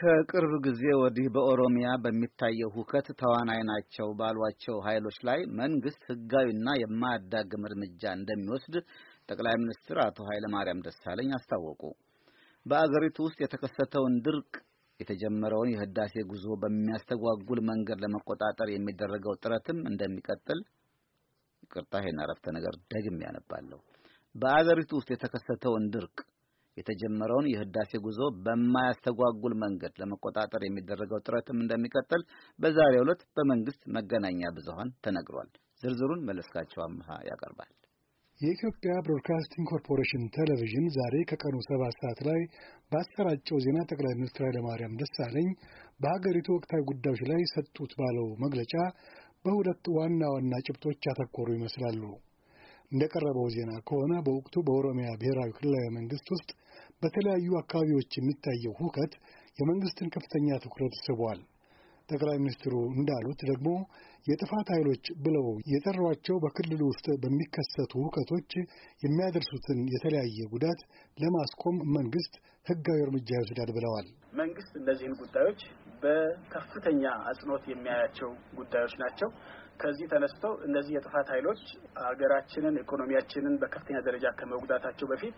ከቅርብ ጊዜ ወዲህ በኦሮሚያ በሚታየው ሁከት ተዋናይ ናቸው ባሏቸው ኃይሎች ላይ መንግስት ህጋዊና የማያዳግም እርምጃ እንደሚወስድ ጠቅላይ ሚኒስትር አቶ ኃይለማርያም ደሳለኝ አስታወቁ። በአገሪቱ ውስጥ የተከሰተውን ድርቅ የተጀመረውን የህዳሴ ጉዞ በሚያስተጓጉል መንገድ ለመቆጣጠር የሚደረገው ጥረትም እንደሚቀጥል ቅርታ ይሄን አረፍተ ነገር ደግም ያነባለሁ። በአገሪቱ ውስጥ የተከሰተውን ድርቅ የተጀመረውን የህዳሴ ጉዞ በማያስተጓጉል መንገድ ለመቆጣጠር የሚደረገው ጥረትም እንደሚቀጥል በዛሬው ዕለት በመንግስት መገናኛ ብዙሃን ተነግሯል። ዝርዝሩን መለስካቸው አምሃ ያቀርባል። የኢትዮጵያ ብሮድካስቲንግ ኮርፖሬሽን ቴሌቪዥን ዛሬ ከቀኑ ሰባት ሰዓት ላይ ባሰራጨው ዜና ጠቅላይ ሚኒስትር ኃይለማርያም ደሳለኝ በሀገሪቱ ወቅታዊ ጉዳዮች ላይ ሰጡት ባለው መግለጫ በሁለት ዋና ዋና ጭብጦች ያተኮሩ ይመስላሉ። እንደቀረበው ዜና ከሆነ በወቅቱ በኦሮሚያ ብሔራዊ ክልላዊ መንግስት ውስጥ በተለያዩ አካባቢዎች የሚታየው ሁከት የመንግስትን ከፍተኛ ትኩረት ስቧል። ጠቅላይ ሚኒስትሩ እንዳሉት ደግሞ የጥፋት ኃይሎች ብለው የጠሯቸው በክልሉ ውስጥ በሚከሰቱ ሁከቶች የሚያደርሱትን የተለያየ ጉዳት ለማስቆም መንግስት ህጋዊ እርምጃ ይወስዳል ብለዋል። መንግስት እነዚህን ጉዳዮች በከፍተኛ አጽንኦት የሚያያቸው ጉዳዮች ናቸው። ከዚህ ተነስተው እነዚህ የጥፋት ኃይሎች ሀገራችንን፣ ኢኮኖሚያችንን በከፍተኛ ደረጃ ከመጉዳታቸው በፊት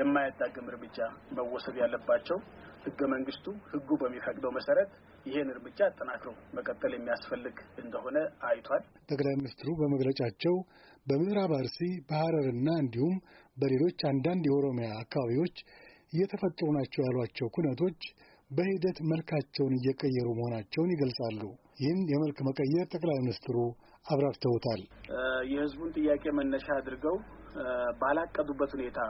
የማያዳግም እርምጃ መወሰድ ያለባቸው ህገ መንግስቱ ህጉ በሚፈቅደው መሰረት ይህን እርምጃ አጠናክሮ መቀጠል የሚያስፈልግ እንደሆነ አይቷል። ጠቅላይ ሚኒስትሩ በመግለጫቸው በምዕራብ አርሲ በሐረርና እንዲሁም በሌሎች አንዳንድ የኦሮሚያ አካባቢዎች እየተፈጠሩ ናቸው ያሏቸው ኩነቶች በሂደት መልካቸውን እየቀየሩ መሆናቸውን ይገልጻሉ። ይህን የመልክ መቀየር ጠቅላይ ሚኒስትሩ አብራርተውታል። የህዝቡን ጥያቄ መነሻ አድርገው ባላቀዱበት ሁኔታ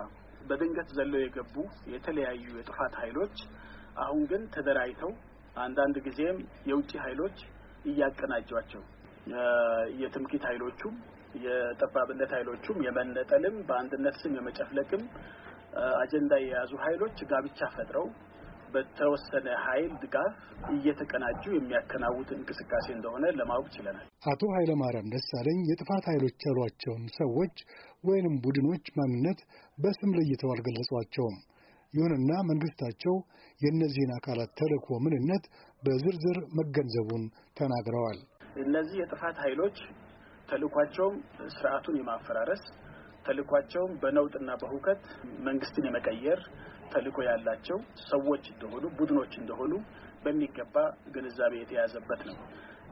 በድንገት ዘለው የገቡ የተለያዩ የጥፋት ኃይሎች አሁን ግን ተደራጅተው አንዳንድ ጊዜም የውጭ ኃይሎች እያቀናጇቸው የትምክህት ኃይሎቹም የጠባብነት ኃይሎቹም የመነጠልም በአንድነት ስም የመጨፍለቅም አጀንዳ የያዙ ኃይሎች ጋብቻ ፈጥረው በተወሰነ ኃይል ድጋፍ እየተቀናጁ የሚያከናውት እንቅስቃሴ እንደሆነ ለማወቅ ችለናል። አቶ ኃይለማርያም ደሳለኝ የጥፋት ኃይሎች ያሏቸውን ሰዎች ወይንም ቡድኖች ማንነት በስም ለይተው አልገለጿቸውም። ይሁንና መንግስታቸው የእነዚህን አካላት ተልእኮ ምንነት በዝርዝር መገንዘቡን ተናግረዋል። እነዚህ የጥፋት ኃይሎች ተልኳቸውም ስርዓቱን የማፈራረስ ተልኳቸውም በነውጥና በሁከት መንግስትን የመቀየር ተልዕኮ ያላቸው ሰዎች እንደሆኑ፣ ቡድኖች እንደሆኑ በሚገባ ግንዛቤ የተያዘበት ነው።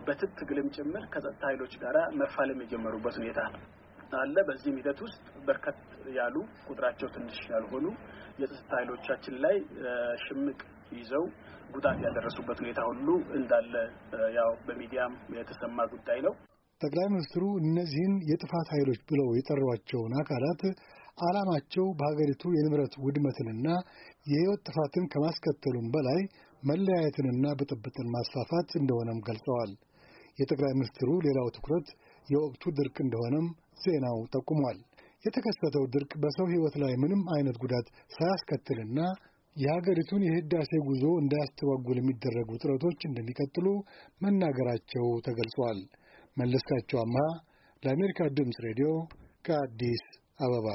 በትጥቅ ትግልም ጭምር ከጸጥታ ኃይሎች ጋር መፋለም የጀመሩበት ሁኔታ አለ። በዚህም ሂደት ውስጥ በርከት ያሉ ቁጥራቸው ትንሽ ያልሆኑ የጸጥታ ኃይሎቻችን ላይ ሽምቅ ይዘው ጉዳት ያደረሱበት ሁኔታ ሁሉ እንዳለ ያው በሚዲያም የተሰማ ጉዳይ ነው። ጠቅላይ ሚኒስትሩ እነዚህን የጥፋት ኃይሎች ብለው የጠሯቸውን አካላት ዓላማቸው በሀገሪቱ የንብረት ውድመትንና የሕይወት ጥፋትን ከማስከተሉም በላይ መለያየትንና ብጥብጥን ማስፋፋት እንደሆነም ገልጸዋል። የጠቅላይ ሚኒስትሩ ሌላው ትኩረት የወቅቱ ድርቅ እንደሆነም ዜናው ጠቁሟል። የተከሰተው ድርቅ በሰው ሕይወት ላይ ምንም አይነት ጉዳት ሳያስከትልና የሀገሪቱን የህዳሴ ጉዞ እንዳያስተጓጉል የሚደረጉ ጥረቶች እንደሚቀጥሉ መናገራቸው ተገልጿል። መለስካቸው አምሃ ለአሜሪካ ድምፅ ሬዲዮ ከአዲስ አበባ